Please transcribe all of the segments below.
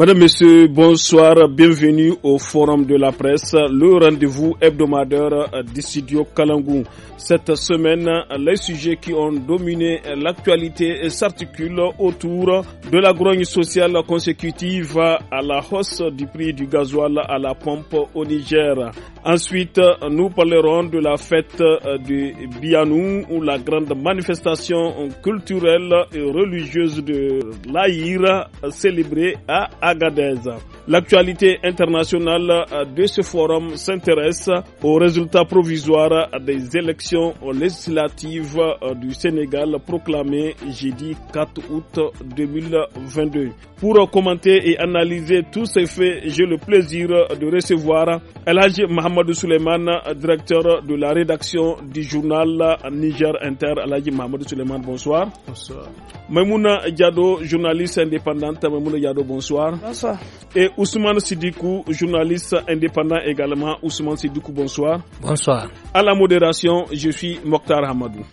Madame, Monsieur, bonsoir, bienvenue au Forum de la presse, le rendez-vous hebdomadaire du studio Kalangou. Cette semaine, les sujets qui ont dominé l'actualité s'articulent autour de la grogne sociale consécutive à la hausse du prix du gasoil à la pompe au Niger. Ensuite, nous parlerons de la fête de Bianou ou la grande manifestation culturelle et religieuse de l'Aïr célébrée à L'actualité internationale euh, de ce forum s'intéresse aux résultats provisoires des élections législatives euh, du Sénégal proclamées jeudi 4 août 2022. Pour commenter et analyser tous ces faits, j'ai le plaisir de recevoir Elhaj Mohamedou Suleiman, directeur de la rédaction du journal Niger Inter. Elhaj Mohamedou Suleiman, bonsoir. Bonsoir. Maimouna Diado, journaliste indépendante. Maimouna Diado, bonsoir. Bonsoir. Et Ousmane Sidikou, journaliste indépendant également. Ousmane Sidikou, bonsoir. Bonsoir. À la modération, je suis Mokhtar Hamadou.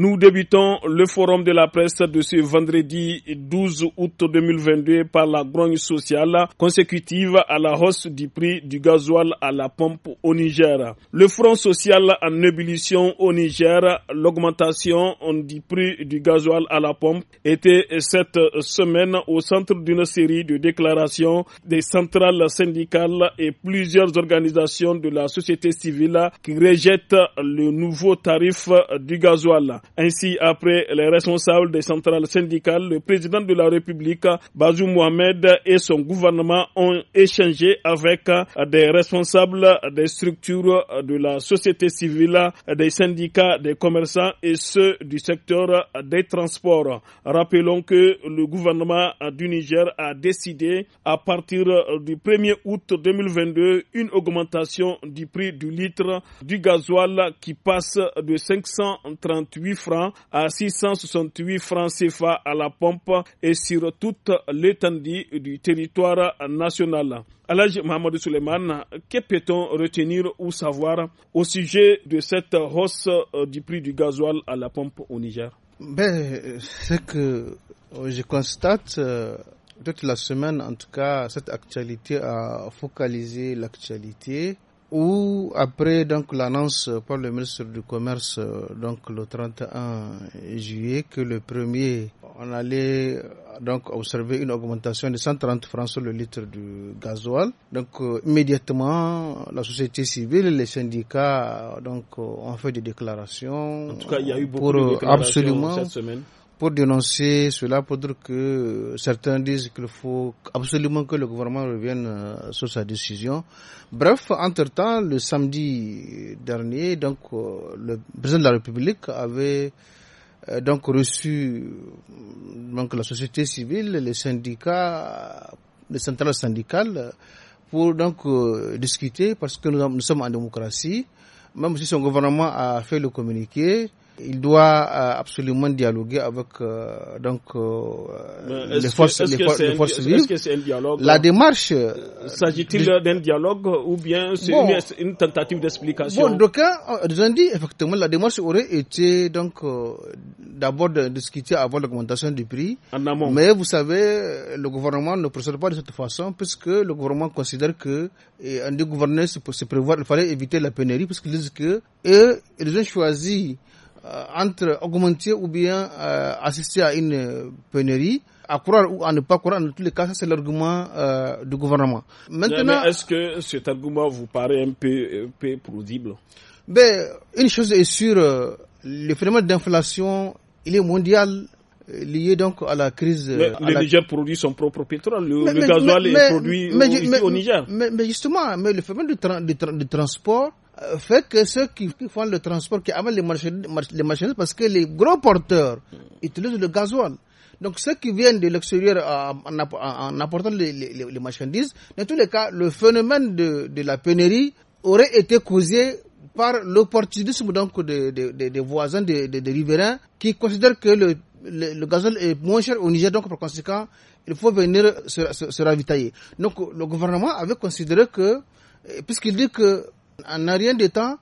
Nous débutons le forum de la presse de ce vendredi 12 août 2022 par la grogne sociale consécutive à la hausse du prix du gasoil à la pompe au Niger. Le front social en ébullition au Niger, l'augmentation du prix du gasoil à la pompe était cette semaine au centre d'une série de déclarations des centrales syndicales et plusieurs organisations de la société civile qui rejettent le nouveau tarif du gasoil. Ainsi, après les responsables des centrales syndicales, le président de la République, Bazou Mohamed, et son gouvernement ont échangé avec des responsables des structures de la société civile, des syndicats, des commerçants et ceux du secteur des transports. Rappelons que le gouvernement du Niger a décidé à partir du 1er août 2022 une augmentation du prix du litre du gasoil qui passe de 538 francs à 668 francs CFA à la pompe et sur toute l'étendue du territoire national. Alaj Mohamed Suleiman, que peut-on retenir ou savoir au sujet de cette hausse du prix du gasoil à la pompe au Niger ben, que je constate, euh, toute la semaine en tout cas, cette actualité a focalisé l'actualité où après donc l'annonce par le ministre du commerce donc le 31 juillet que le premier on allait donc observer une augmentation de 130 francs sur le litre du gasoil donc euh, immédiatement la société civile les syndicats donc euh, ont fait des déclarations en tout cas il y a eu beaucoup pour, de euh, déclarations absolument, cette semaine pour dénoncer cela, pour dire que certains disent qu'il faut absolument que le gouvernement revienne euh, sur sa décision. Bref, entre-temps, le samedi dernier, donc, euh, le président de la République avait euh, donc reçu donc, la société civile, les syndicats, les centrales syndicales, pour donc discuter, parce que nous, sommes en démocratie, même si son gouvernement a fait le communiqué, il doit euh, absolument dialoguer avec euh, donc euh, les forces, les, forces vives. Dialogue, La démarche. S'agit-il d'un dialogue ou bien c'est une, tentative d'explication Bon, donc, ils ont dit effectivement la démarche aurait été donc euh, d'abord discuter avant l'augmentation du prix. Mais vous savez, le gouvernement ne procède pas de cette façon puisque le gouvernement considère que des gouverneurs prévoir, il fallait éviter la pénurie puisqu'ils disent que eux, ils ont choisi euh, entre augmenter ou bien euh, assister à une pénurie, à croire ou à ne pas croire, en tous les cas, c'est l'argument euh, du gouvernement. Maintenant, est-ce que cet argument vous paraît un peu, peu plausible ben, Une chose est sûre, le phénomène d'inflation, il est mondial lié donc à la crise. Mais le Niger produit son propre pétrole, le, mais, est produit au, Niger. Mais, justement, mais le phénomène de transport, euh, fait que ceux qui, font le transport, qui amènent les marchandises, les parce que les gros porteurs utilisent le gasoil. Donc ceux qui viennent de l'extérieur euh, en, apportant les, marchandises, dans tous les cas, le phénomène de, la pénurie aurait été causé par l'opportunisme donc des voisins, des riverains, qui considèrent que le, le, est moins cher au Niger, donc par conséquent, il faut venir se ravitailler. Donc le gouvernement avait considéré que, puisqu'il dit que en rien de temps,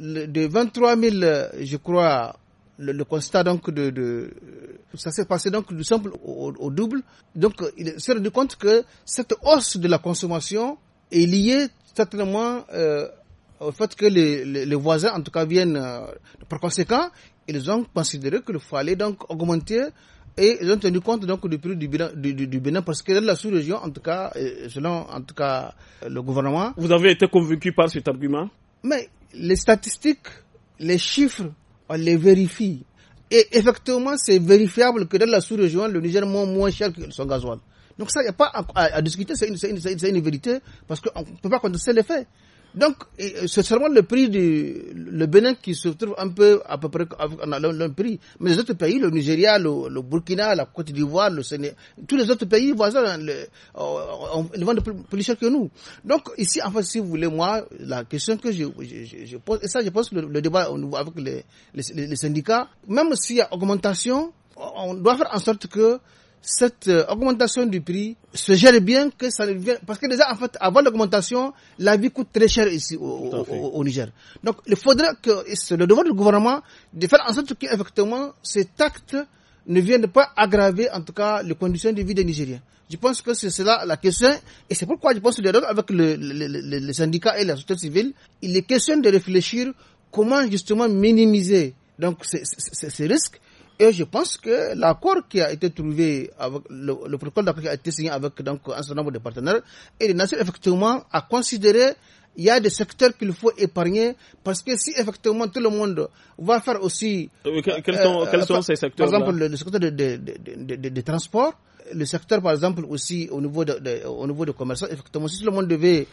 de 23 000, euh, je crois, le, constat donc de, de euh, ça s'est passé donc du simple au, double. Donc il s'est rendu compte que cette hausse de la consommation est liée certainement euh, au fait que les, les, voisins en tout cas viennent. par conséquent, ils ont considéré qu'il fallait donc augmenter et ils ont tenu compte donc du prix du Bénin, du, parce que dans la sous-région, en tout cas, euh, selon en tout cas le gouvernement. Vous avez été convaincu par cet argument Mais les statistiques, les chiffres, on les vérifie. Et effectivement, c'est vérifiable que dans la sous-région, le Niger est moins, cher que son gasoil. Donc ça, il n'y a pas à, discuter, c'est une, vérité, parce qu'on ne peut pas contester les faits. Donc, euh, c'est seulement le prix du le Bénin qui se trouve un peu à peu près le, prix. Mais les autres pays, le Nigeria, le, Burkina, la Côte d'Ivoire, le Sénégal, tous les autres pays voisins, hein, le, euh, ils vendent plus, cher que nous. Donc, ici, en si vous voulez, moi, la question que je, je, je pose, et ça, je pense le, débat avec les, les, les syndicats, même s'il y a augmentation, on doit faire en sorte que cette euh, augmentation du prix se gère bien que ça Parce que déjà, en fait, avant l'augmentation, la vie coûte très cher ici au, Niger. Donc, il faudrait que c'est le devoir du gouvernement de faire en sorte qu'effectivement, cet acte ne vienne pas aggraver, en tout cas, les conditions de vie des Nigériens. Je pense que c'est cela la question, et c'est pourquoi je pense que avec le, le, et la société civile, il est question de réfléchir comment justement minimiser donc ces risques et je pense que l'accord qui a été trouvé le, protocole d'accord qui a été signé avec donc, un certain nombre de partenaires et les nations effectivement à considérer il y a des secteurs qu'il faut épargner parce que si effectivement tout le monde va faire aussi. Euh, quels sont, euh, euh, ces secteurs Par exemple, le, secteur des de, transports, le secteur par exemple aussi au niveau de, au niveau de commerçants, effectivement, si tout le monde devait,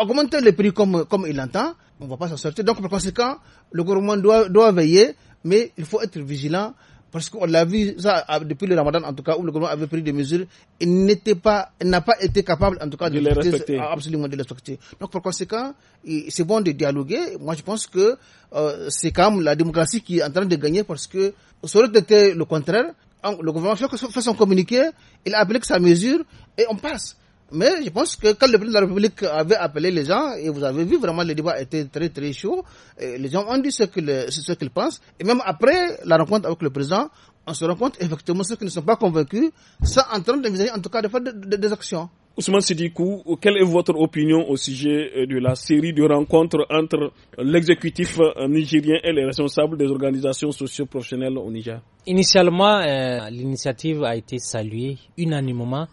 augmenter les prix comme, comme il l'entend, on ne va pas s'en sortir. Donc par conséquent, le gouvernement doit, doit veiller, mais il faut être vigilant. Parce qu'on l'a vu, ça, ah, depuis le ramadan, en tout cas, où le gouvernement avait pris des mesures, il n'était pas, n'a pas été capable, en tout cas, de, respecter. Absolument, de respecter. Donc, par conséquent, c'est bon de dialoguer. Moi, je pense que euh, c'est quand la démocratie qui est en train de gagner parce que, ça aurait été le contraire. Le gouvernement fait son communiqué, il applique sa mesure et on passe. Mais je pense que quand le président de la République avait appelé les gens, et vous avez vu, vraiment, le débat était très, très chaud. les gens ont dit ce qu'ils pensent. Et même après la rencontre avec le président, on se rend compte, effectivement, ceux qui ne sont pas convaincus sont en train d'envisager, en tout cas, de faire des actions. Ousmane Sidikou, quelle est votre opinion au sujet euh, de la série de rencontres entre l'exécutif euh, nigérien et les responsables des organisations socioprofessionnelles au Niger Initialement, euh, l'initiative a été saluée unanimement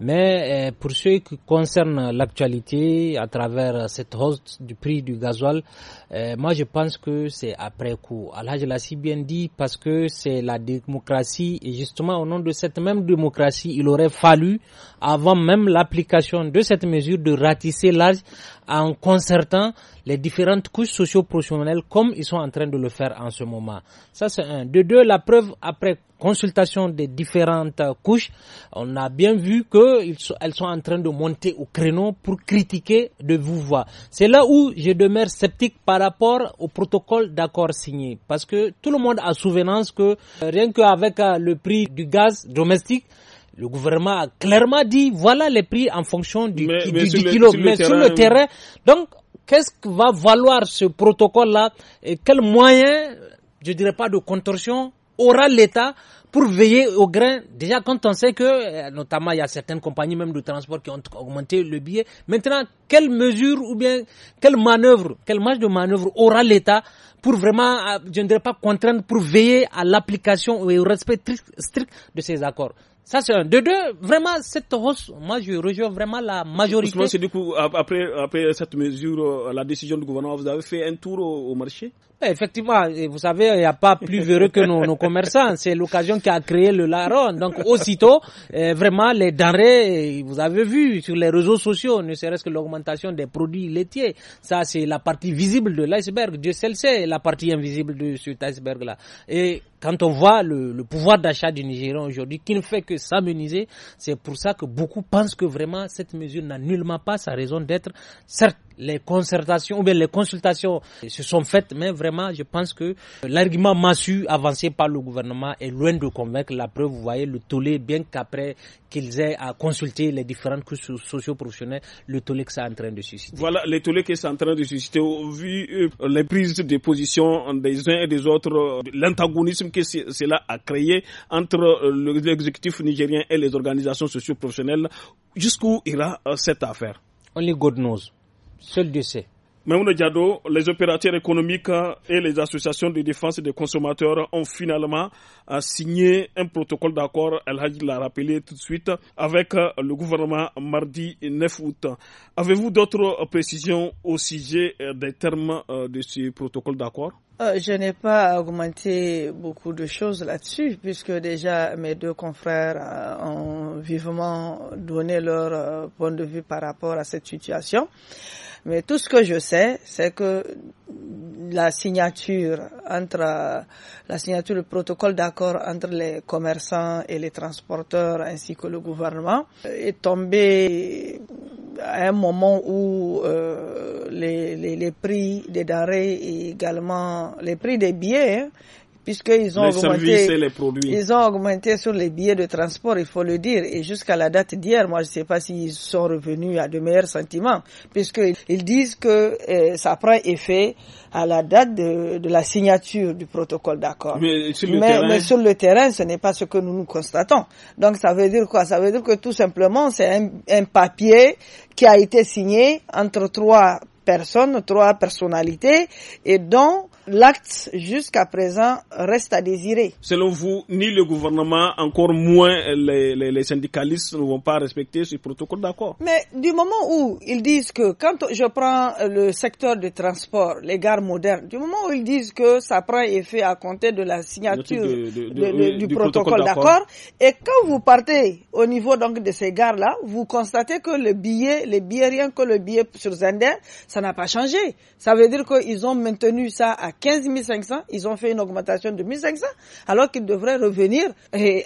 mais euh, pour ce qui concerne l'actualité à travers cette hausse du prix du gasoil, euh, moi je pense que c'est après coup. Je l'a si bien dit parce que c'est la démocratie et justement au nom de cette même démocratie, il aurait fallu avant même l'application de cette mesure de ratisser l'âge en concertant les différentes couches socio-professionnelles comme ils sont en train de le faire en ce moment. Ça, c'est un. De deux, la preuve après consultation des différentes couches, on a bien vu qu'elles sont en train de monter au créneau pour critiquer de vous voir. C'est là où je demeure sceptique par rapport au protocole d'accord signé. Parce que tout le monde a souvenance que euh, rien qu'avec euh, le prix du gaz domestique, le gouvernement a clairement dit voilà les prix en fonction du, kilogramme kilo. sur le terrain, donc qu'est-ce que va valoir ce protocole-là et quels moyens, je dirais pas de contorsion, aura l'État pour veiller au grain. Déjà, quand on sait que, euh, notamment, il y a certaines compagnies même de transport qui ont augmenté le billet. Maintenant, quelle mesure ou bien quelle manœuvre, quelle marge de manœuvre aura l'État pour vraiment, euh, je ne dirais pas contraindre, pour veiller à l'application et au respect strict de ces accords ça, c'est un. De deux, vraiment, cette hausse, moi, je rejoins vraiment la majorité. du coup, après, après cette mesure, euh, la décision du gouvernement, vous avez fait un tour au marché eh, effectivement, eh, vous savez, il n'y a pas plus véreux que nos, commerçants. C'est l'occasion qui a créé le larron. Donc, aussitôt, eh, vraiment, les denrées, vous avez vu sur les réseaux sociaux, ne serait-ce que l'augmentation des produits laitiers. Ça, c'est la partie visible de l'iceberg. Dieu seul sait la partie invisible de cet iceberg-là. Et quand on voit le, pouvoir d'achat du Nigérian aujourd'hui, qui ne fait que s'amenuiser, c'est pour ça que beaucoup pensent que vraiment cette mesure n'a nullement pas sa raison d'être. Certes, les concertations ou bien les consultations se sont faites, mais vraiment, je pense que l'argument massu avancé par le gouvernement est loin de convaincre. La preuve, vous voyez, le tollé, bien qu'après qu'ils aient à consulter les différentes couches socio-professionnelles, le tollé que ça est en train de susciter. Voilà, le tollé que c'est en train de susciter, vu euh, les prises de position des uns et des autres, euh, l'antagonisme que cela a créé entre euh, l'exécutif nigérien et les organisations socio-professionnelles, jusqu'où ira cette affaire Only God knows. Seul Dieu sait. Diado, les opérateurs économiques et les associations de défense des consommateurs ont finalement euh, signé un protocole d'accord, El Hadj l'a rappelé tout de suite, avec euh, le gouvernement mardi 9 août. Avez-vous d'autres euh, précisions au sujet des termes de ce protocole d'accord je n'ai pas augmenté beaucoup de choses là-dessus, puisque déjà mes deux confrères ont vivement donné leur point de vue par rapport à cette situation. Mais tout ce que je sais, c'est que la signature entre la signature du protocole d'accord entre les commerçants et les transporteurs ainsi que le gouvernement est tombée à un moment où euh, les, prix des denrées et également les prix des billets hein, puisqu'ils ont augmenté. Ils ont augmenté sur les billets de transport, il faut le dire. Et jusqu'à la date d'hier, moi, je ne sais pas s'ils sont revenus à de meilleurs sentiments, puisqu'ils disent que euh, ça prend effet à la date de, la signature du protocole d'accord. Mais, sur le terrain, ce n'est pas ce que nous nous constatons. Donc, ça veut dire quoi Ça veut dire que tout simplement, c'est un, un papier qui a été signé entre trois personnes, trois personnalités, et dont l'acte jusqu'à présent reste à désirer. Selon vous, ni le gouvernement, encore moins les, syndicalistes ne vont pas respecter ce protocole d'accord. Mais du moment où ils disent que, quand je prends le secteur de transport, les gares modernes, du moment où ils disent que ça prend effet à compter de la signature du, protocole, d'accord, et quand vous partez au niveau donc de ces gares-là, vous constatez que le billet, les billets, rien que le billet sur Zender, ça n'a pas changé. Ça veut dire qu'ils ont maintenu ça à 15 500, ils ont fait une augmentation de 1500, alors qu'ils devraient revenir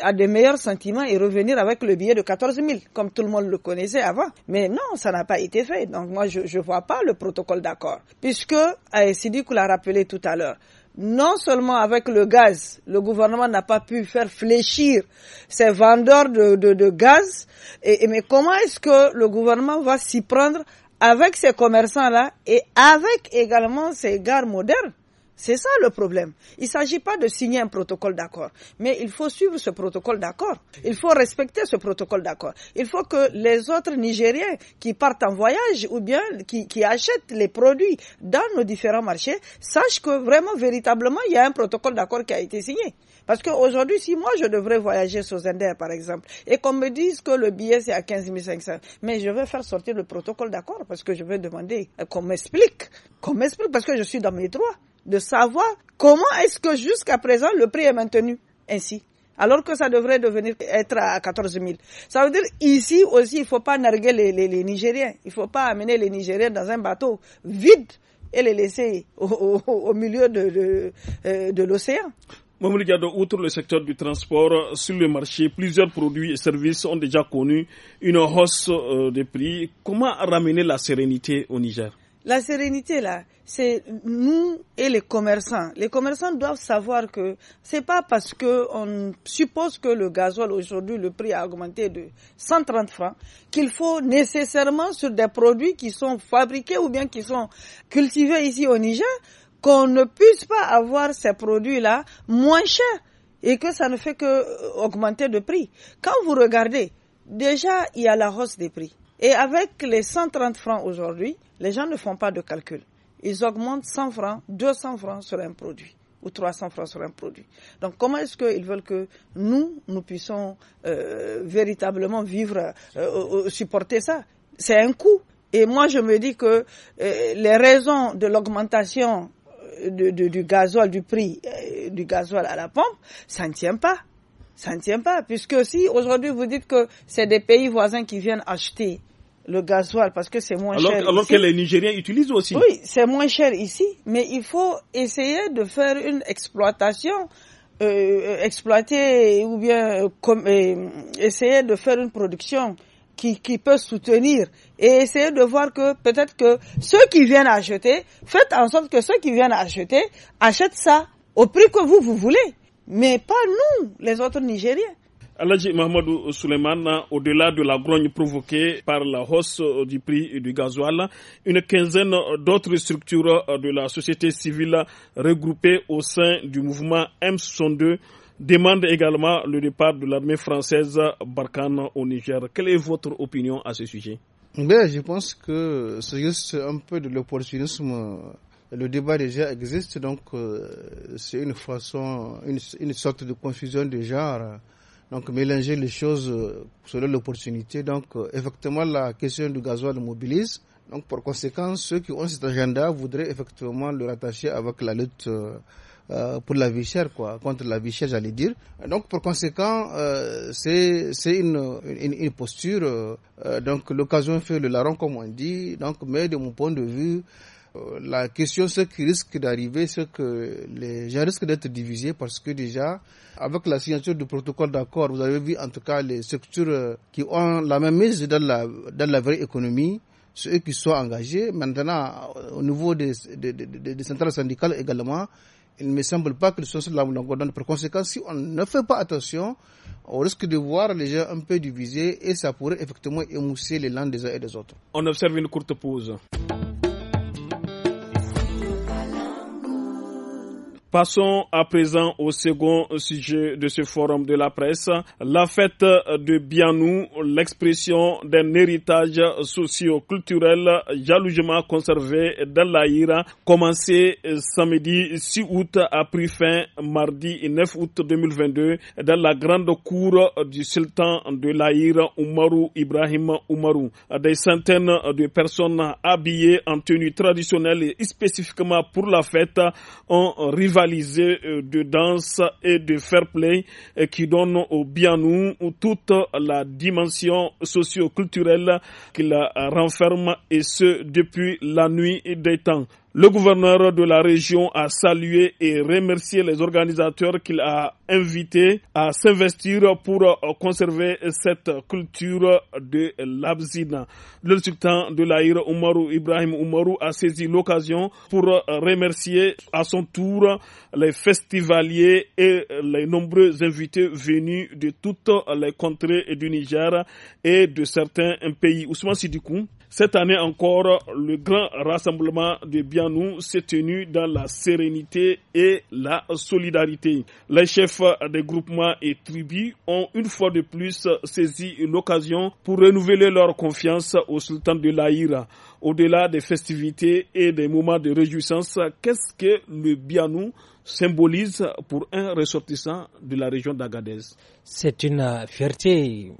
à des meilleurs sentiments et revenir avec le billet de 14 000, comme tout le monde le connaissait avant. Mais non, ça n'a pas été fait. Donc moi, je ne vois pas le protocole d'accord, puisque eh, Sidi l'a rappelé tout à l'heure non seulement avec le gaz, le gouvernement n'a pas pu faire fléchir ses vendeurs de, gaz, mais comment est-ce que le gouvernement va s'y prendre avec ces commerçants-là et avec également ces gares modernes c'est ça le problème. Il ne s'agit pas de signer un protocole d'accord, mais il faut suivre ce protocole d'accord. Il faut respecter ce protocole d'accord. Il faut que les autres Nigériens qui partent en voyage ou bien qui, achètent les produits dans nos différents marchés sachent que vraiment, véritablement, il y a un protocole d'accord qui a été signé. Parce qu'aujourd'hui, si moi je devrais voyager sur Zender, par exemple, et qu'on me dise que le billet c'est à 15 500, mais je vais faire sortir le protocole d'accord parce que je vais demander qu'on m'explique, qu'on m'explique parce que je suis dans mes droits de savoir comment est-ce que jusqu'à présent le prix est maintenu ainsi alors que ça devrait devenir être à 14 000. Ça veut dire ici aussi, il ne faut pas narguer les, Nigériens, il ne faut pas amener les Nigériens dans un bateau vide et les laisser au, milieu de, euh, l'océan. Mme outre le secteur du transport, sur le marché, plusieurs produits et services ont déjà connu une hausse euh, des prix. Comment ramener la sérénité au Niger la sérénité, là, c'est nous et les commerçants. Les commerçants doivent savoir que c'est pas parce que on suppose que le gasoil aujourd'hui, le prix a augmenté de 130 francs, qu'il faut nécessairement sur des produits qui sont fabriqués ou bien qui sont cultivés ici au Niger, qu'on ne puisse pas avoir ces produits-là moins chers et que ça ne fait que euh, augmenter de prix. Quand vous regardez, déjà, il y a la hausse des prix. Et avec les 130 francs aujourd'hui, les gens ne font pas de calcul. Ils augmentent 100 francs, 200 francs sur un produit ou 300 francs sur un produit. Donc comment est-ce qu'ils veulent que nous, nous puissions euh, véritablement vivre, euh, supporter ça C'est un coût. Et moi, je me dis que euh, les raisons de l'augmentation du gasoil, du prix du gasoil à la pompe, ça ne tient pas. Ça ne tient pas, puisque si aujourd'hui vous dites que c'est des pays voisins qui viennent acheter le gasoil parce que c'est moins cher. Alors que les Nigériens utilisent aussi. Oui, c'est moins cher ici, mais il faut essayer de faire une exploitation, euh, euh, exploiter ou bien euh, comme, essayer de faire une production qui, qui peut soutenir et essayer de voir que peut-être que ceux qui viennent acheter, faites en sorte que ceux qui viennent acheter achètent ça au prix que vous, vous voulez, mais pas nous, les autres Nigériens. Alaji Mahmoud Souleyman, au-delà de la grogne provoquée par la hausse euh, du prix du gasoil, une quinzaine d'autres structures euh, de la société civile regroupées au sein du mouvement M62 demandent également le départ de l'armée française Barkhane au Niger. Quelle est votre opinion à ce sujet ben, Je pense que c'est juste un peu de l'opportunisme le débat déjà existe, donc euh, c'est une sorte de confusion de genres. Donc mélanger les choses euh, selon l'opportunité. Donc euh, effectivement, la question du gasoil mobilise. Donc par conséquent, ceux qui ont cet agenda voudraient effectivement le rattacher avec la lutte. Euh, pour la vie chère, quoi, contre la vie chère, j'allais dire. Donc, pour conséquent, euh, c'est une, une, posture. donc, l'occasion fait le larron, comme on dit. Donc, mais de mon point de vue, euh, la question, ce qui risque d'arriver, c'est que les gens risquent d'être divisés parce que déjà, avec la signature du protocole d'accord, vous avez vu en tout cas les structures euh, qui ont la même mise dans la, dans la vraie économie, ceux qui sont engagés. Maintenant, euh, au niveau des, des, des, centrales syndicales également, il ne me semble pas que ce soit la Par conséquent, si on ne fait pas attention, on risque de voir les gens un peu divisés et ça pourrait effectivement émousser les des uns et des autres. On observe une courte pause. Passons à présent au second sujet de ce forum de la presse, la fête de Bianou, l'expression d'un héritage socio-culturel jalousement conservé dans l'Aïra, commencé samedi 6 août a pris fin mardi 9 août 2022 dans la grande cour du sultan de l'Aïra, Oumarou Ibrahim Oumarou. Des centaines de personnes habillées en tenue traditionnelle et spécifiquement pour la fête ont rivalisé euh, de danse et de fair play euh, qui donne au Bianou toute la dimension socio-culturelle qu'il renferme et ce depuis la nuit des temps. Le gouverneur de la région a salué et remercié les organisateurs qu'il a invités à s'investir pour euh, conserver cette culture de l'Abzina. Le sultan de l'Aïr Oumarou Ibrahim Oumarou a saisi l'occasion pour euh, remercier à son tour les festivaliers et les nombreux invités venus de toutes les contrées du Niger et de certains pays. Ousmane Sidikou. Cette année encore, le grand rassemblement de Bianou s'est tenu dans la sérénité et la solidarité. Les chefs des groupements et tribus ont une fois de plus saisi une occasion pour renouveler leur confiance au sultan de l'Aïra. Au-delà des festivités et des moments de réjouissance, qu'est-ce que le Bianou symbolise pour un ressortissant de la région d'Agadez. C'est une euh, fierté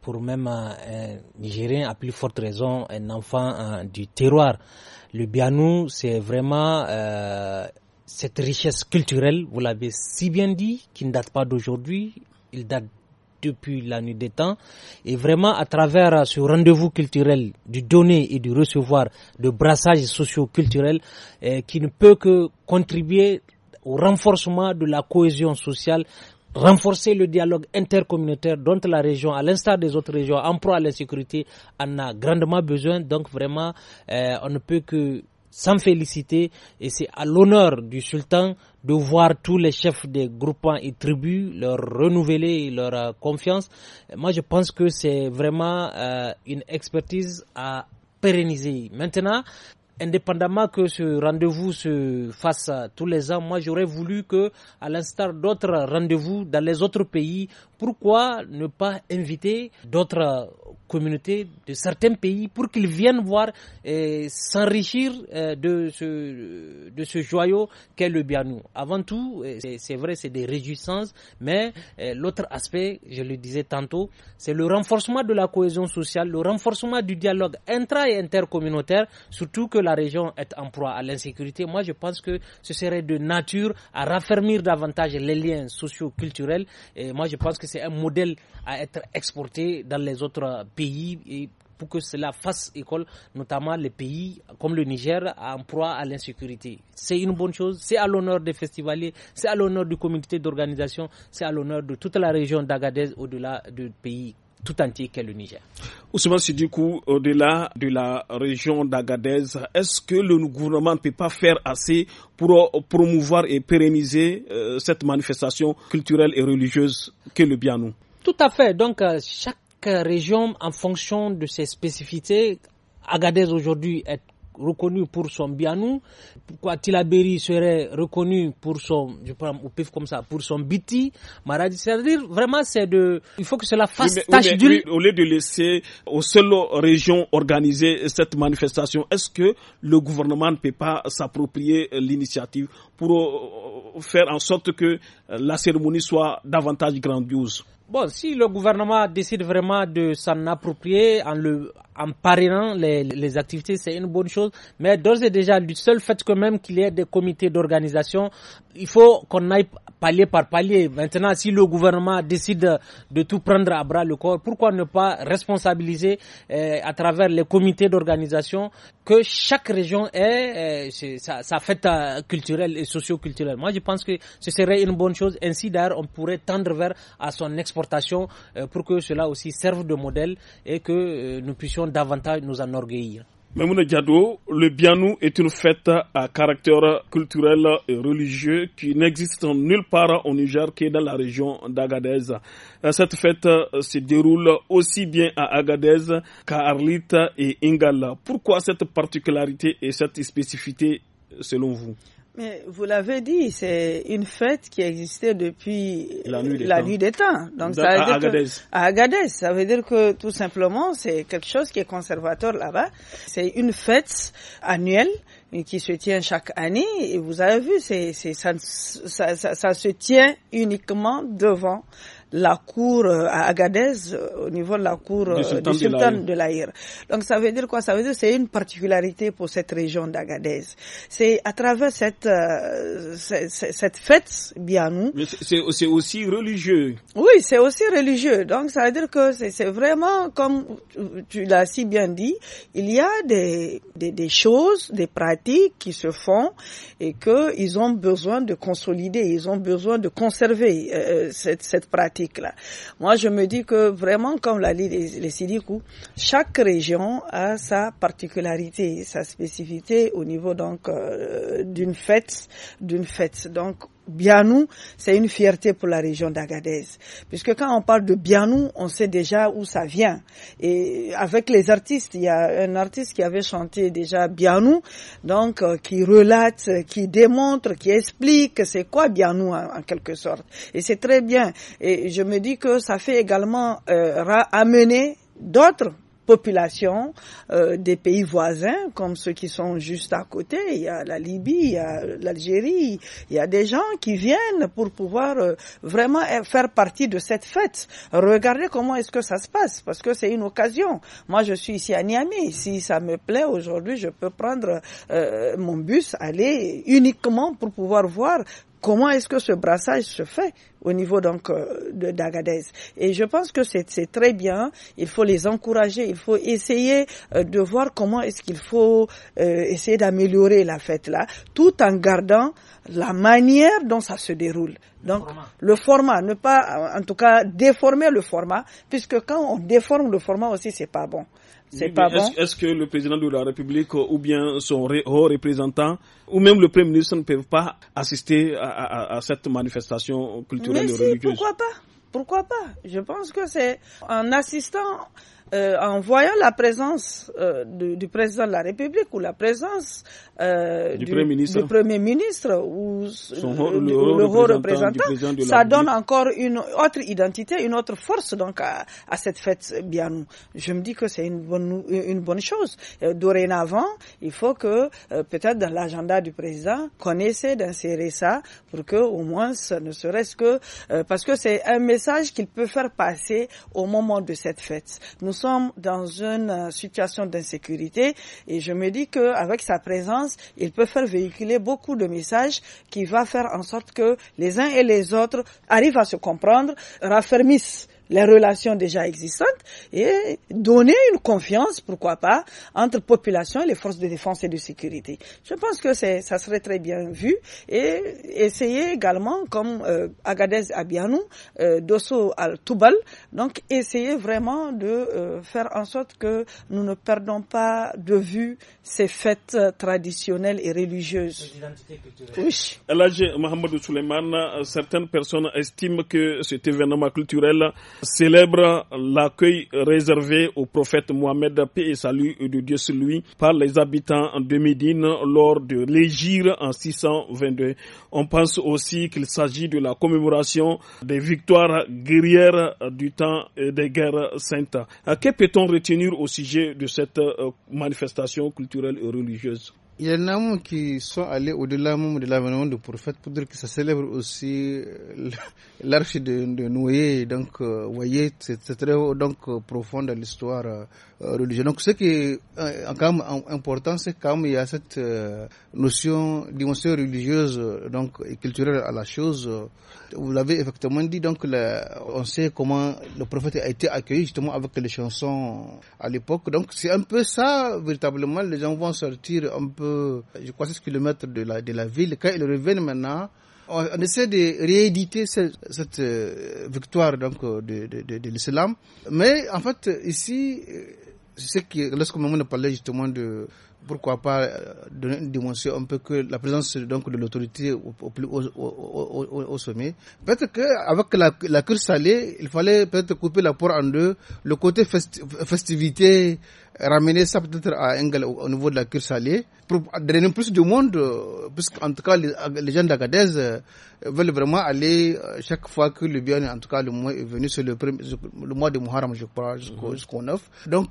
pour même euh, un Nigérien, à plus forte raison, un enfant euh, du terroir. Le Bianou, c'est vraiment cette richesse culturelle, vous l'avez si bien dit, qui ne date pas d'aujourd'hui, il date depuis la nuit des temps. Et vraiment, à travers ce rendez-vous culturel du donner et du recevoir, de brassage socio-culturel, qui ne peut que contribuer au renforcement de la cohésion sociale renforcer le dialogue intercommunautaire dont la région, à l'instar des autres régions en proie à sécurité, en a grandement besoin. Donc vraiment, euh, on ne peut que s'en féliciter et c'est à l'honneur du sultan de voir tous les chefs des groupements et tribus leur renouveler leur euh, confiance. Moi, je pense que c'est vraiment euh, une expertise à pérenniser. Maintenant, indépendamment que ce rendez-vous se fasse tous les ans, moi j'aurais voulu que, à l'instar d'autres rendez-vous dans les autres pays, pourquoi ne pas inviter d'autres communautés de certains pays pour qu'ils viennent voir et s'enrichir euh, de ce, de ce joyau qu'est le Bianou. Avant tout, c'est vrai, c'est des réjouissances, mais euh, l'autre aspect, je le disais tantôt, c'est le renforcement de la cohésion sociale, le renforcement du dialogue intra et intercommunautaire, surtout que la région est en proie à l'insécurité, moi je pense que ce serait de nature à raffermir davantage les liens sociaux, culturels. Et moi je pense que c'est un modèle à être exporté dans les autres pays et pour que cela fasse école, notamment les pays comme le Niger en proie à l'insécurité. C'est une bonne chose, c'est à l'honneur des festivaliers, c'est à l'honneur du comité d'organisation, c'est à l'honneur de toute la région d'Agadez au-delà du pays tout entier qu'est le Niger. Ousmane Sidikou, au-delà de la région d'Agadez, est-ce que le gouvernement ne peut pas faire assez pour euh, promouvoir et pérenniser euh, cette manifestation culturelle et religieuse que le Bianou Tout à fait. Donc, euh, chaque région, en fonction de ses spécificités, Agadez aujourd'hui est reconnu pour son Bianou, pourquoi Tilaberi serait reconnu pour son, je prends au pif comme ça, pour son Biti, Maradi. C'est-à-dire, vraiment, c'est de, il faut que cela fasse tâche au lieu de laisser aux seules régions organiser cette manifestation, est-ce que le gouvernement ne peut pas s'approprier l'initiative pour euh, faire en sorte que euh, la cérémonie soit davantage grandiose? Bon, si le gouvernement décide vraiment de s'en approprier en, le, en parrainant les, les activités, c'est une bonne chose. Mais d'ores et déjà, du seul fait que même qu'il y ait des comités d'organisation, il faut qu'on aille palier par palier. Maintenant, si le gouvernement décide de tout prendre à bras le corps, pourquoi ne pas responsabiliser euh, à travers les comités d'organisation que chaque région ait euh, sa, fête euh, culturelle et socioculturelle Moi, je pense que ce serait une bonne chose. Ainsi, d'ailleurs, on pourrait tendre vers à son exportation pour que cela aussi serve de modèle et que nous puissions davantage nous enorgueillir. Mamouna Diado, le Bianou est une fête à caractère culturel et religieux qui n'existe nulle part au Niger que dans la région d'Agadez. Cette fête se déroule aussi bien à Agadez qu'à Arlit et Ingala. Pourquoi cette particularité et cette spécificité selon vous mais vous l'avez dit, c'est une fête qui existait depuis la nuit des, temps. Donc, ça à, Agadez. Ça veut dire que tout simplement, c'est quelque chose qui est conservateur là-bas. C'est une fête annuelle qui se tient chaque année. Et vous avez vu, c'est, ça, ça, ça, ça, se tient uniquement devant la cour euh, à Agadez, euh, au niveau de la cour du euh, sultan, de l'Aïr. Donc ça veut dire quoi Ça veut dire c'est une particularité pour cette région d'Agadez. C'est à travers cette cette, fête bien C'est c'est aussi religieux. Oui, c'est aussi religieux. Donc ça veut dire que c'est vraiment comme tu l'as si bien dit, il y a des, des choses, des pratiques qui se font et que ils ont besoin de consolider, ils ont besoin de conserver cette cette pratique moi, je me dis que vraiment, comme l'a dit les, les Sidikou, chaque région a sa particularité, sa spécificité au niveau donc euh, d'une fête, d'une fête. Bianou, c'est une fierté pour la région d'Agadez. Puisque quand on parle de Bianou, on sait déjà où ça vient. Et avec les artistes, il y a un artiste qui avait chanté déjà Bianou, donc euh, qui relate, qui démontre, qui explique c'est quoi Bianou en, en, quelque sorte. Et c'est très bien. Et je me dis que ça fait également euh, amener d'autres populations euh, des pays voisins, comme ceux qui sont juste à côté. Il y a la Libye, il y a l'Algérie, il y a des gens qui viennent pour pouvoir euh, vraiment e-, faire partie de cette fête. Regardez comment est-ce que ça se passe, parce que c'est une occasion. Moi, je suis ici à Niamey. Si ça me plaît aujourd'hui, je peux prendre euh, mon bus, aller uniquement pour pouvoir voir comment est-ce que ce brassage se fait au niveau donc euh, de d'Agadez. Et je pense que c'est très bien. Il faut les encourager. Il faut essayer euh, de voir comment est-ce qu'il faut euh, essayer d'améliorer la fête là, tout en gardant la manière dont ça se déroule. Donc, le format, ne pas, en tout cas, déformer le format, puisque quand on déforme le format aussi, c'est pas bon. Est-ce que le président de la République ou bien son haut représentant ou même le Premier ministre ne peuvent pas assister à, cette manifestation culturelle et religieuse Pourquoi pas pourquoi pas Je pense que c'est en assistant euh, en voyant la présence euh, du, président de la République ou la présence euh, du, premier ministre. ou le, haut représentant, ça donne encore une autre identité, une autre force donc à, cette fête bien. nous, Je me dis que c'est une bonne, une bonne chose. dorénavant, il faut que peut-être dans l'agenda du président qu'on essaie d'insérer ça pour que au moins ne serait-ce que parce que c'est un message qu'il peut faire passer au moment de cette fête. Nous sommes dans une euh, situation d'insécurité et je me dis qu'avec sa présence, il peut faire véhiculer beaucoup de messages qui va faire en sorte que les uns et les autres arrivent à se comprendre, raffermissent les relations déjà existantes et donner une confiance, pourquoi pas, entre population et les forces de défense et de sécurité. Je pense que c'est, ça serait très bien vu et essayer également, comme euh, Agadez à Bianou, euh, Dosso al Toubal, donc essayer vraiment de euh, faire en sorte que nous ne perdons pas de vue ces fêtes traditionnelles et religieuses. Mohamed certaines personnes estiment que cet événement culturel célèbre l'accueil réservé au prophète Mohamed, paix et salut de Dieu sur lui, par les habitants de Médine lors de l'Égir en 622. On pense aussi qu'il s'agit de la commémoration des victoires guerrières du temps des guerres saintes. Euh, que peut-on retenir au sujet de cette euh, manifestation culturelle et religieuse il y en a même qui sont allés au-delà même de l'avènement du prophète pour dire que ça célèbre aussi euh, l'arche de, Noé. Donc, voyez, c'est très donc, euh, profond dans l'histoire euh, donc ce qui est quand important, c'est quand même il y a cette notion, dimension religieuse donc, et culturelle à la chose. Vous l'avez effectivement dit, donc on sait comment le prophète a été accueilli justement avec les chansons à l'époque. Donc c'est un peu ça, véritablement, les gens vont sortir un peu, je crois, 6 kilomètres de de la ville. Quand ils reviennent maintenant, on, essaie de rééditer cette, euh, victoire donc, euh, de, de, l'islam. Mais en fait, ici, euh, sais que lorsque on parlait justement de pourquoi pas donner une dimension un peu que la présence donc de l'autorité au, au, au, au, sommet. Peut-être qu'avec la, la cure salée, il fallait peut-être couper la porte en deux, le côté festivité ramener ça peut-être à Engel au niveau de la cure salée pour drainer plus de monde, euh, puisque en tout cas, les, gens d'Agadez euh, veulent vraiment aller euh, chaque fois que le bien, en tout cas, le mois est venu, c'est le, le, mois de Muharram, je crois, jusqu'au 9. Mhm. Donc,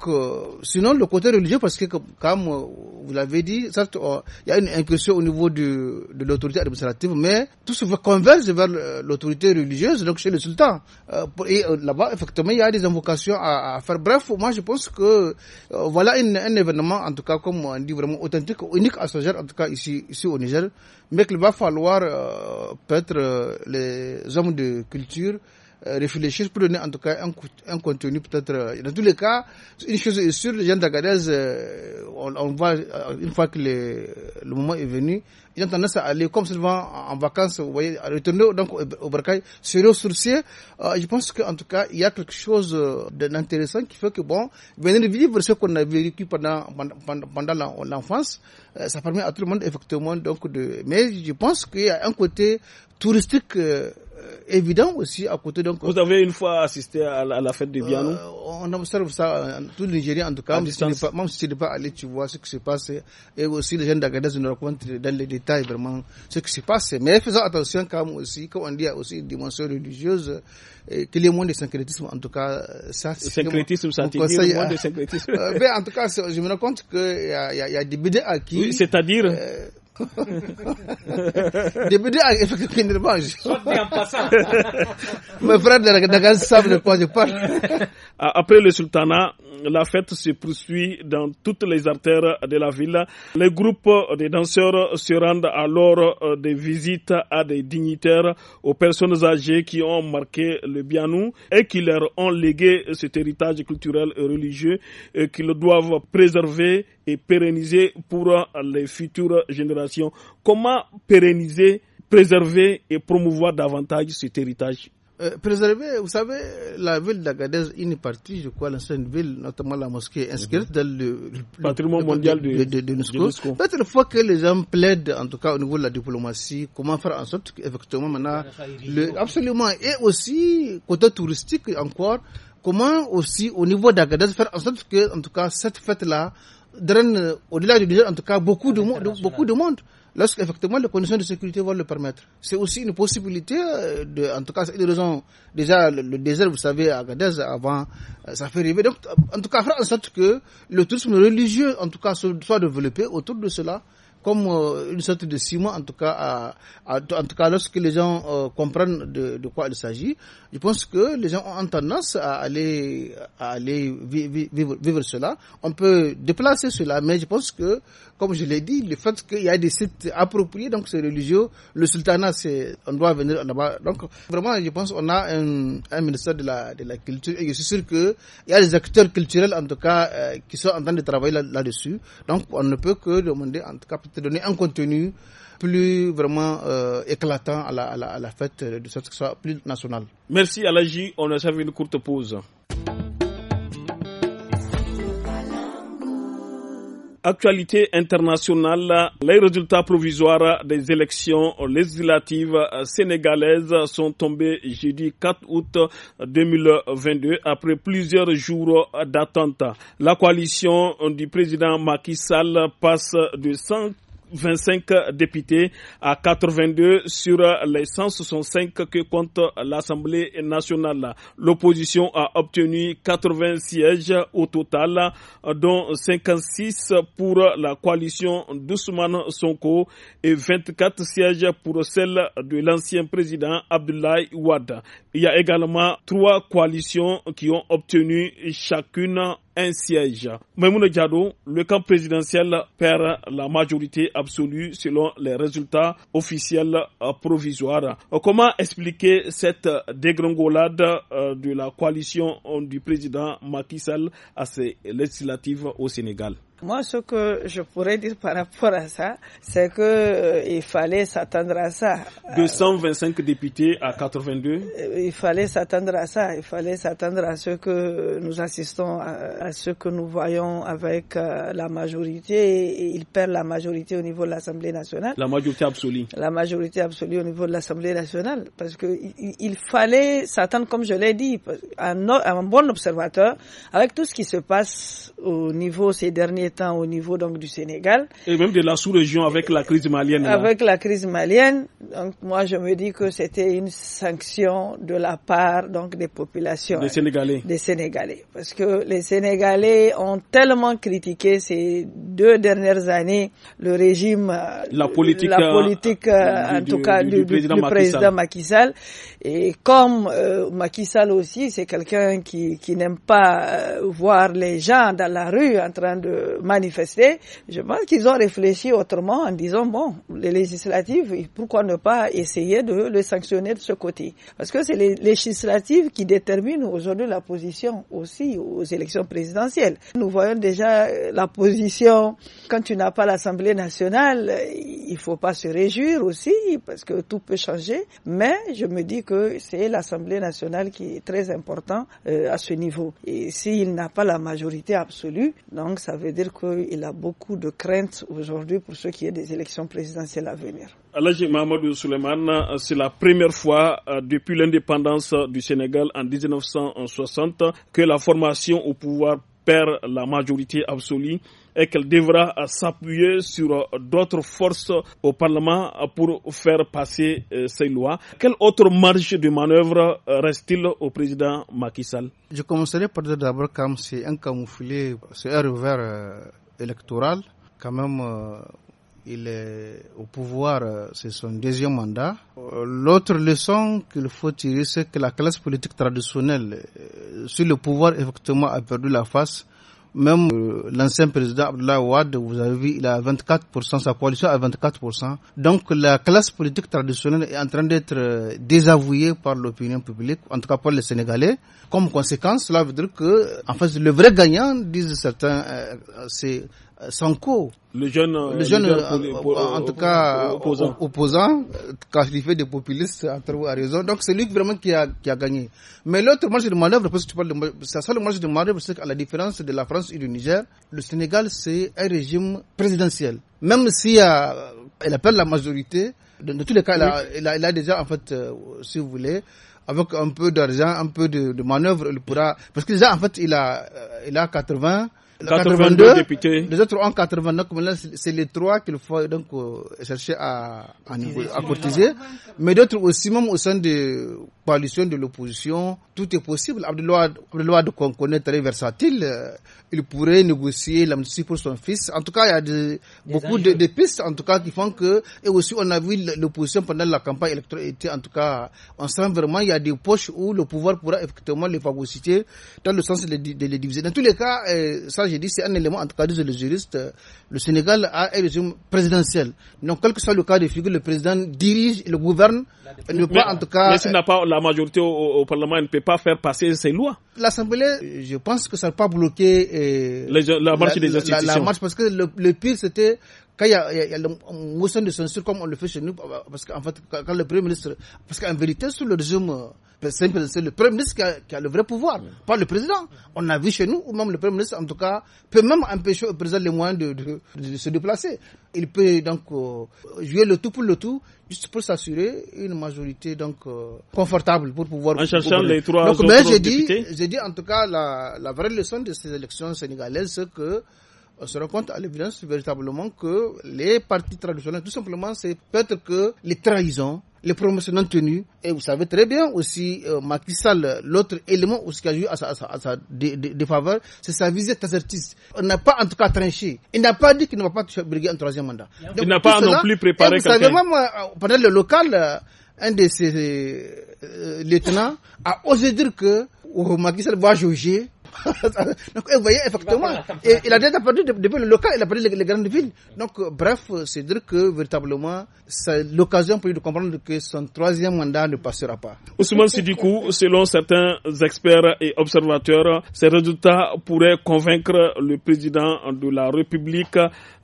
sinon, le côté religieux, parce que, comme vous l'avez dit, certes, il y a une incursion au niveau du, de l'autorité administrative, mais tout se converge vers l'autorité religieuse, donc chez le sultan. et là-bas, effectivement, il y a des invocations à, à faire. Bref, moi, je pense que euh, voilà un événement, en tout cas, comme on dit, vraiment authentique, unique à ce genre, en tout cas ici, ici au Niger, mais qu'il va falloir euh, peut euh, les hommes de culture réfléchir euh, pour donner en tout cas un, contenu peut-être. Euh, dans tous les cas, une chose est sûre, les gens d'Agadez, euh, on, voit une fois que le, moment est venu, ils ont tendance à aller comme souvent en vacances, vous voyez, à retourner donc, au barcail, se ressourcer. je pense qu'en tout cas, il y a quelque chose d'intéressant qui fait que, bon, venir vivre ce qu'on a vécu pendant, pendant, l'enfance, ça permet à tout le monde effectivement donc de... Mais je pense qu'il y a un côté touristique. Euh, évident aussi à côté. Donc, Vous avez une fois assisté à la, fête de Bianou euh, On observe ça, euh, tout le Nigeria en tout cas, même si, pas, même tu pas allé, tu vois ce qui se passe. Et aussi, les gens d'Agadez nous racontent dans les détails vraiment ce qui se passe. Mais faisons attention quand aussi, comme on dit, aussi une dimension religieuse, qu'il y les moins de syncrétisme, en tout cas, ça... Syncrétisme, ça moins de syncrétisme. en tout cas, je me rends compte qu'il y, a des bidets à qui... Oui, c'est-à-dire après le sultanat, la fête se poursuit dans toutes les artères de la ville. Les groupes de danseurs se rendent alors euh, des visites à des dignitaires, aux personnes âgées qui ont marqué le Bianou et qui leur ont légué cet héritage culturel et religieux euh, qu'ils doivent préserver et pérenniser pour euh, les futures générations. Comment pérenniser, préserver et promouvoir davantage cet héritage euh, préserver, vous savez, la ville d'Agadez, une partie, je crois, l'ancienne ville, notamment la mosquée, inscrite mhm. dans le, patrimoine mondial de, de, Peut-être fois que les gens plaident, en tout cas au niveau de la diplomatie, comment faire en sorte qu'effectivement maintenant, absolument, et aussi côté touristique encore, comment aussi au niveau d'Agadez faire en sorte que, en tout cas, cette fête-là, au-delà du désert, en tout cas, beaucoup de, beaucoup de monde, effectivement les conditions de sécurité vont le permettre. C'est aussi une possibilité, euh, de, en tout cas, c'est une raison. Déjà, le, désert, vous savez, à Gadez, avant, euh, ça fait rêver. Donc, en tout cas, faire en sorte que le tourisme religieux, en tout cas, soit développé autour de cela comme euh, une sorte de ciment, en tout cas, à, en tout cas lorsque les gens euh, comprennent de, de, quoi il s'agit, je pense que les gens ont tendance à aller, à aller vivre, vivre, cela. On peut déplacer cela, mais je pense que, comme je l'ai dit, le fait qu'il y a des sites appropriés, donc c'est religieux, le sultanat, c'est, on doit venir en bas Donc vraiment, je pense qu'on a un, un, ministère de la, de la culture et je suis sûr qu'il y a des acteurs culturels, en tout cas, euh, qui sont en train de travailler là-dessus. donc on ne peut que demander, en tout cas, te donner un contenu plus vraiment euh, éclatant à la, à, fête, euh, de cette que ce soit plus national. Merci on a servi une courte pause. Actualité internationale, les résultats provisoires des élections législatives sénégalaises sont tombés jeudi 4 août 2022 après plusieurs jours d'attente. La coalition du président Macky Sall passe de 100 25 députés à 82 sur les 165 que compte l'Assemblée nationale. L'opposition a obtenu 80 sièges au total, dont 56 pour la coalition d'Ousmane Sonko et 24 sièges pour celle de l'ancien président Abdoulaye Ouad. Il y a également trois coalitions qui ont obtenu chacune un siège. Maimouna Diado, le camp présidentiel perd la majorité absolue selon les résultats officiels provisoires. Comment expliquer cette dégringolade euh, de la coalition du président Macky Sall à ses législatives au Sénégal? Moi, ce que je pourrais dire par rapport à ça, c'est que euh, il fallait s'attendre à ça. 225 députés à 82. Euh, il fallait s'attendre à ça. Il fallait s'attendre à ce que nous assistons à, ce que nous voyons avec euh, la majorité. Et, il perd la majorité au niveau de l'Assemblée nationale. La majorité absolue. La majorité absolue au niveau de l'Assemblée nationale, parce que il, fallait s'attendre, comme je l'ai dit, à un, un bon observateur, avec tout ce qui se passe au niveau ces derniers au niveau donc du Sénégal. Et même de la sous-région avec la crise malienne. Avec la crise malienne, donc moi je me dis que c'était une sanction de la part donc des populations. Des Sénégalais. Des Sénégalais, parce que les Sénégalais ont tellement critiqué ces deux dernières années le régime, euh, la politique, la euh, politique euh, en tout cas du, président, Macky Sall. Et comme Macky Sall aussi, c'est quelqu'un qui, qui n'aime pas voir les gens dans la rue en train de manifesté, je pense qu'ils ont réfléchi autrement en disant, bon, les législatives, pourquoi ne pas essayer de le sanctionner de ce côté Parce que c'est les législatives qui déterminent aujourd'hui la position aussi aux élections présidentielles. Nous voyons déjà euh, la position, quand tu n'as pas l'Assemblée nationale, il faut pas se réjouir aussi, parce que tout peut changer, mais je me dis que c'est l'Assemblée nationale qui est très important euh, à ce niveau. Et s'il n'a pas la majorité absolue, donc ça veut dire dire qu'il a beaucoup de craintes aujourd'hui pour ce qui est des élections présidentielles à venir. Alhaji Souleymane, c'est la première fois euh, depuis l'indépendance du Sénégal en 1960 que la formation au pouvoir perd la majorité absolue et qu'elle devra s'appuyer sur euh, d'autres forces au Parlement pour faire passer euh, ces lois. Quelle autre marge de manœuvre euh, reste-t-il au président Macky Sall Je commencerai par dire d'abord comme c'est un camouflet, c'est un revers électoral. Quand même, il est au pouvoir, c'est son deuxième mandat. L'autre leçon qu'il faut tirer, c'est que la classe politique traditionnelle sur le pouvoir, effectivement, a perdu la face même euh, l'ancien président Abdullah Ouad, vous avez vu, il a 24%, sa coalition a 24%. Donc la classe politique traditionnelle est en train d'être euh, désavouée par l'opinion publique, en tout cas par les Sénégalais. Comme conséquence, cela veut dire que, en fait, le vrai gagnant, disent certains, euh, c'est Sanko le jeune, euh, euh, euh, en tout cas opposant, opposant qualifié de populiste à à raison. Donc c'est lui vraiment qui a, qui a gagné. Mais l'autre marge de manœuvre, parce que tu parles de ça le marge de manœuvre, c'est qu'à la différence de la France et du Niger, le Sénégal c'est un régime présidentiel. Même si elle appelle la majorité, dans, tous les cas, il elle, a, a, déjà en fait, si vous voulez avec un peu d'argent, un peu de, de manœuvre, il pourra. Parce que déjà, en fait, il a, il a 80 82, députés. Les autres en 89, c'est les trois qu'il faut donc euh, chercher à, à, courtiser. Mais d'autres aussi, même au sein des coalitions de l'opposition, tout est possible. de qu'on connaît très versatile, euh, il pourrait négocier l'amnistie pour son fils. En tout cas, il y a de, beaucoup de, pistes, en tout cas, qui font que, et aussi, on a vu l'opposition pendant la campagne électorale en tout cas, on sent vraiment, il y a des poches où le pouvoir pourra effectivement les favoriser dans le sens de, de les diviser. Dans tous les cas, euh, ça, j'ai dit, c'est un élément, en tout cas, le juriste, euh, le Sénégal a un régime présidentiel. Donc, quel que soit le cas de figure, le président dirige, le gouverne, ne en tout cas. Mais n'a pas la majorité au, Parlement, il ne peut pas faire passer ses lois. L'Assemblée, je pense que ça n'a pas bloqué euh, la marche des institutions. La, marche, parce que le, pire, c'était quand il y a, une motion de censure, comme on le fait chez nous, parce qu'en fait, quand le Premier ministre, parce qu'en vérité, sur le régime euh, c'est le Premier ministre qui a, le vrai pouvoir, pas le président. On a vu chez nous, ou même le Premier ministre, en tout cas, peut même empêcher au président les moyens de, se déplacer. Il peut donc euh, jouer le tout pour le tout, juste pour s'assurer une majorité donc euh, confortable pour pouvoir. En cherchant les trois donc, mais j'ai dit, en tout cas la, la vraie leçon de ces élections sénégalaises, c'est que on se rend compte à l'évidence véritablement que les partis traditionnels, tout simplement, c'est peut-être que les trahisons les promesses non tenues. Et vous savez très bien aussi, euh, Macky l'autre élément aussi qui a joué à sa, défaveur, c'est sa visite assertiste. On n'a pas en tout cas tranché. Il n'a pas dit qu'il ne va pas briguer un troisième mandat. il n'a pas non plus préparé Vous savez, même pendant le local, euh, un de ses euh, lieutenants a osé dire que oh, Makissal va juger Donc, vous voyez, effectivement, et, il a déjà perdu depuis le local, il a perdu les, grandes villes. Donc, euh, bref, c'est dire que véritablement, c'est l'occasion pour lui de comprendre que son troisième mandat ne passera pas. Ousmane Sidikou, selon certains experts et observateurs, ces résultats pourraient convaincre le président de la République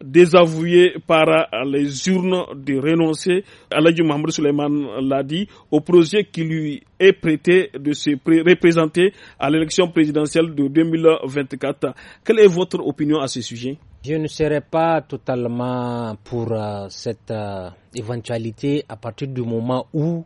désavoué par les urnes de renoncer, Aladji Mohamed Suleiman l'a dit, au projet qui lui est prêté de se représenter à l'élection présidentielle de 2024. Quelle est votre opinion à ce sujet Je ne serai pas totalement pour euh, cette euh, éventualité à partir du moment où,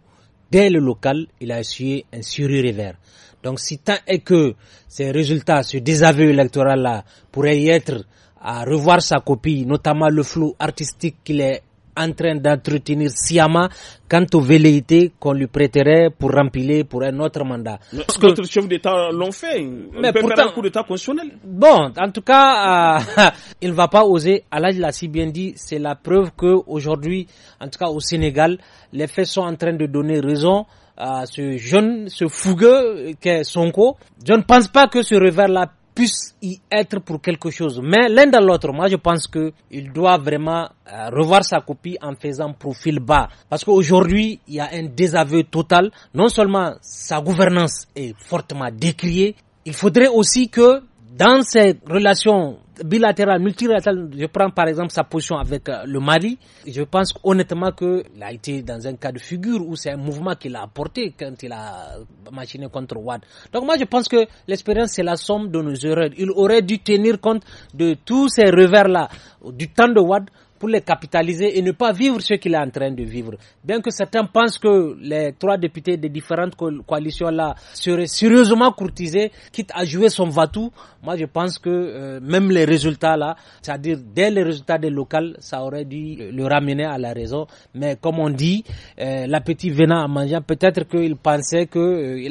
dès le local, il a essuyé un surrévers. Donc si tant est que ces résultats, ce désaveu électoral-là pourrait y être à revoir sa copie, notamment le flou artistique qu'il est en train d'entretenir sciemment quant aux velléités qu'on lui prêterait pour remplir pour un autre mandat. Parce que d'autres chefs d'État l'ont fait. On mais peut pourtant, un coup d'État constitutionnel. Bon, en tout cas, euh, il ne va pas oser. Allah l'a si bien dit. C'est la preuve que aujourd'hui, en tout cas au Sénégal, les faits sont en train de donner raison à ce jeune, ce fougueux qu'est Sonko. Je ne pense pas que ce revers-là puisse y être pour quelque chose. Mais l'un dans l'autre, moi je pense il doit vraiment euh, revoir sa copie en faisant profil bas. Parce qu'aujourd'hui, il y a un désaveu total. Non seulement sa gouvernance est fortement décriée, il faudrait aussi que dans ces relations bilatérales, multilatérales, je prends par exemple sa position avec euh, le Mali, je pense honnêtement qu'il a été dans un cas de figure où c'est un mouvement qu'il a apporté quand il a machiné contre Ouad. Donc moi je pense que l'expérience c'est la somme de nos erreurs. Il aurait dû tenir compte de tous ces revers-là du temps de Ouad pour les capitaliser et ne pas vivre ce qu'il est en train de vivre. Bien que certains pensent que les trois députés des différentes coalitions-là seraient sérieusement courtisés, quitte à jouer son vatou, moi je pense que euh, même les résultats-là, c'est-à-dire dès les résultats des locales, ça aurait dû le ramener à la raison. Mais comme on dit, la euh, l'appétit venant à manger, peut-être qu'il pensait qu'il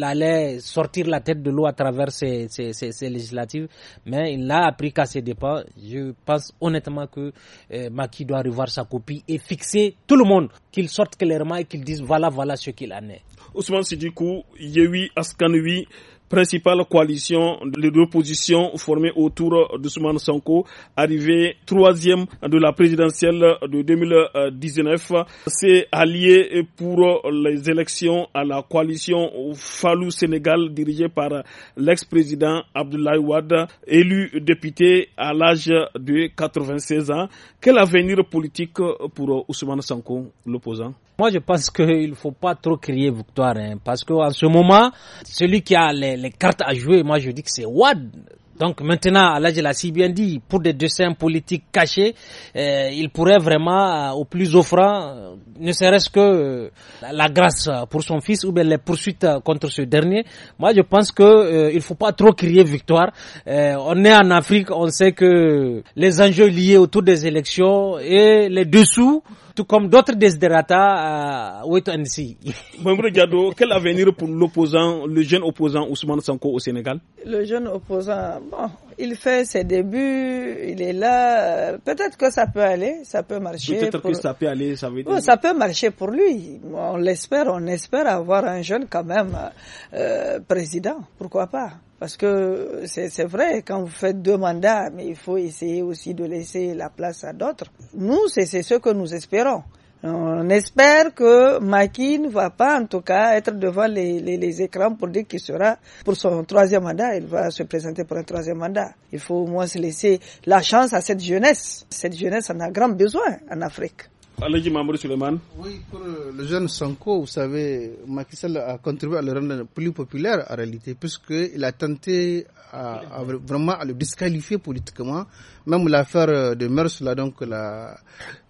euh, allait sortir la tête de l'eau à travers ces législatives, mais il l'a appris qu'à ses dépens. Je pense honnêtement que Maki doit revoir sa copie et fixer tout le monde, qu'il sorte clairement et qu'il dise voilà, voilà ce qu'il en est. Ousmane Sidikou, Yewi Askanoui, principale coalition de l'opposition formée autour d'Ousmane Sanko, arrivé troisième de la présidentielle de 2019, s'est allié pour les élections à la coalition Falou Sénégal dirigée par l'ex-président Abdoulaye Wade, élu député à l'âge de 96 ans. Quel avenir politique pour Ousmane Sanko, l'opposant moi, je pense qu'il ne faut pas trop crier victoire, hein, parce qu'en ce moment, celui qui a les, cartes à jouer, moi je dis que c'est Wad. Donc maintenant, là, je l'ai si bien dit, pour des dessins politiques cachés, euh, il pourrait vraiment, euh, au plus offrant, euh, ne serait-ce que la grâce pour son fils ou bien les poursuites contre ce dernier. Moi, je pense que il faut pas trop crier victoire. on est en Afrique, on sait que les enjeux liés autour des élections et les dessous tout comme d'autres desiderata, see. euh, ainsi. quel avenir pour l'opposant, le jeune opposant Ousmane Sanko au Sénégal Le jeune opposant, bon, il fait ses débuts, il est là. Peut-être que ça peut aller, ça peut marcher. Peut-être que ça peut aller, ça veut oh, dire. ça peut marcher pour lui. On l'espère, on espère avoir un jeune quand même euh, président. Pourquoi pas parce que c'est vrai, quand vous faites deux mandats, mais il faut essayer aussi de laisser la place à d'autres. Nous, c'est ce que nous espérons. On espère que Maki ne va pas, en tout cas, être devant les, les écrans pour dire qu'il sera pour son troisième mandat. Il va se présenter pour un troisième mandat. Il faut au moins se laisser la chance à cette jeunesse. Cette jeunesse en a grand besoin en Afrique. Oui, pour euh, le jeune Sanko, vous savez, Macky Sall a contribué à le rendre plus populaire en réalité, puisqu'il a tenté à, vraiment à le disqualifier politiquement. Même l'affaire euh, de Meurs, donc la,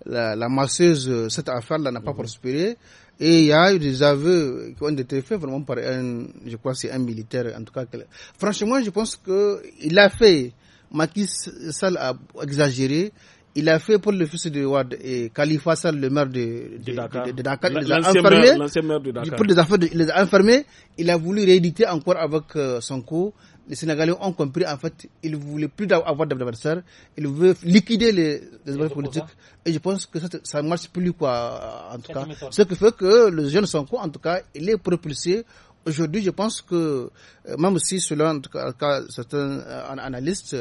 la, masseuse, euh, cette affaire-là n'a pas mhm. prospéré. Et il y a eu des aveux qui ont été faits vraiment par un, je crois, c'est un militaire, en tout cas. Franchement, je pense qu'il a fait, Macky Sall a exagéré, il a fait pour le fils de et Khalifa Sall, le maire de, Dakar. Il les a enfermés. Maire, de Dakar. il les a enfermés. Il a voulu rééditer encore avec euh, Sanko. Les Sénégalais ont compris, en fait, il ne voulaient plus avoir d'adversaires. Il veut liquider les, les politiques. Et je pense que ça, ne marche plus, quoi, en tout cas. Ce qui fait que le jeune Sanko, en tout cas, il est propulsé aujourd'hui, je pense que, euh, même si selon en tout cas, certains euh, analystes,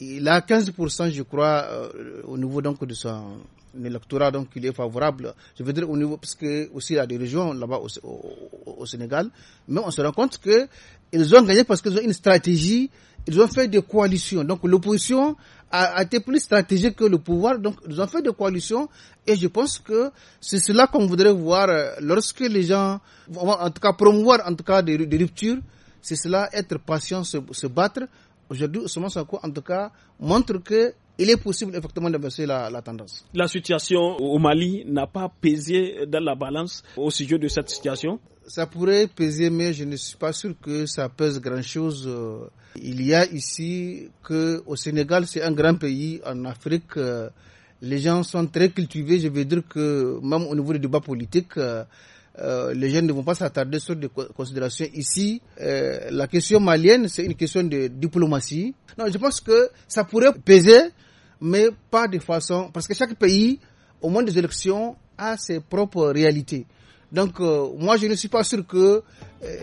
il a 15%, je crois, euh, au niveau donc de son électorat, donc il est favorable. Je veux dire au niveau, parce que aussi y a des régions là-bas au, Sénégal, mais on se rend compte que ils ont gagné parce qu'ils ont une stratégie, ils ont fait des coalitions. Donc l'opposition a, été plus stratégique que le pouvoir, donc ils ont fait des coalitions. Et je pense que c'est cela qu'on voudrait voir euh, lorsque les gens vont en tout cas promouvoir en tout cas des, ruptures. C'est cela, être patient, se, se battre Aujourd'hui, Ousmane Sanko, en tout cas, montre que il est possible effectivement d'inverser la, la, tendance. La situation au Mali n'a pas pesé dans la balance au sujet de cette situation Ça pourrait peser, mais je ne suis pas sûr que ça pèse grand-chose. Euh, il y a ici que au Sénégal, c'est un grand pays. En Afrique, euh, les gens sont très cultivés. Je veux dire que même au niveau du débat politique, euh, euh, les jeunes ne vont pas s'attarder sur des considérations ici. Euh, la question malienne, c'est une question de diplomatie. Non, je pense que ça pourrait peser, mais pas de façon... Parce que chaque pays, au moment des élections, a ses propres réalités. Donc, euh, moi, je ne suis pas sûr que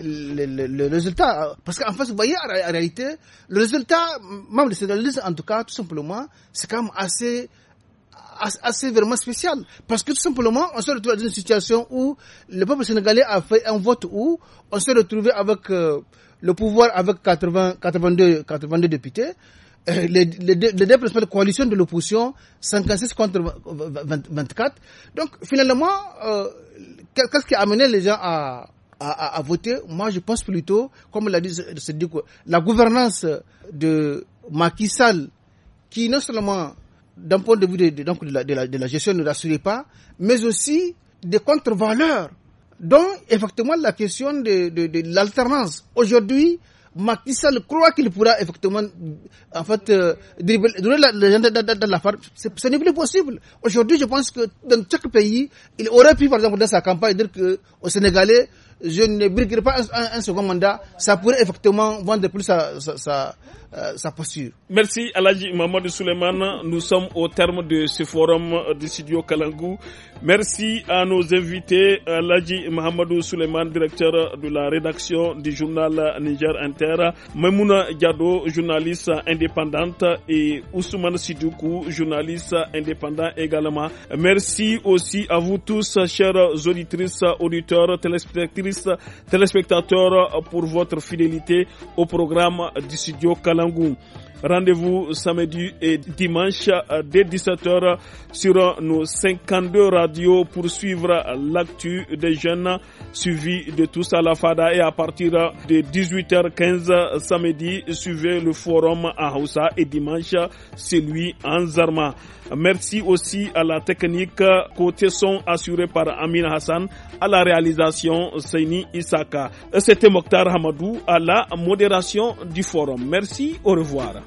le, résultat... Parce qu'en fait, vous voyez, en, réalité, le résultat, même de cette en tout cas, tout simplement, c'est quand même assez assez vraiment spécial. Parce que tout simplement, on se retrouve dans une situation où le peuple sénégalais a fait un vote où on se retrouvé avec euh, le pouvoir avec 80, 82, 82 députés. Les, euh, les, les, deux, les, de l'opposition, 56 contre 24. Donc finalement, euh, qu'est-ce qui a amené les gens à, voter Moi, je pense plutôt, comme l'a dit la gouvernance de Macky Sall, qui non seulement d'un point de vue de, donc de, la, gestion ne rassurait pas, mais aussi des contre-valeurs, donc effectivement la question de, de, l'alternance. Aujourd'hui, Macky Sall croit qu'il pourra effectivement, en fait, euh, de, dans la femme. Ce n'est plus possible. Aujourd'hui, je pense que dans chaque pays, il aurait pu, par exemple, dans sa campagne, dire que au Sénégalais, je ne briguerai pas un, second mandat. Ça pourrait effectivement vendre plus sa euh, sa posture. Merci Alaji Mamadou Souleymane. Nous sommes au terme de ce forum du studio Kalangou. Merci à nos invités Alaji Mahamadou Souleymane, directeur de la rédaction du journal Niger Inter, Mamouna Diado, journaliste indépendante et Ousmane Sidoukou, journaliste indépendant également. Merci aussi à vous tous, chers auditrices, auditeurs, téléspectatrices, téléspectateurs, pour votre fidélité au programme du studio Kalangou. longo Rendez-vous samedi et dimanche euh, dès 17h euh, sur euh, nos 52 radios pour suivre l'actu des jeunes suivis de tous à la FADA et à partir de 18h15 samedi, suivez le forum à Hausa et dimanche, celui en Zarma. Merci aussi à la technique côté son assuré par Amin Hassan, à la réalisation Seini Isaka. C'était Mokhtar Hamadou à la modération du forum. Merci, au revoir.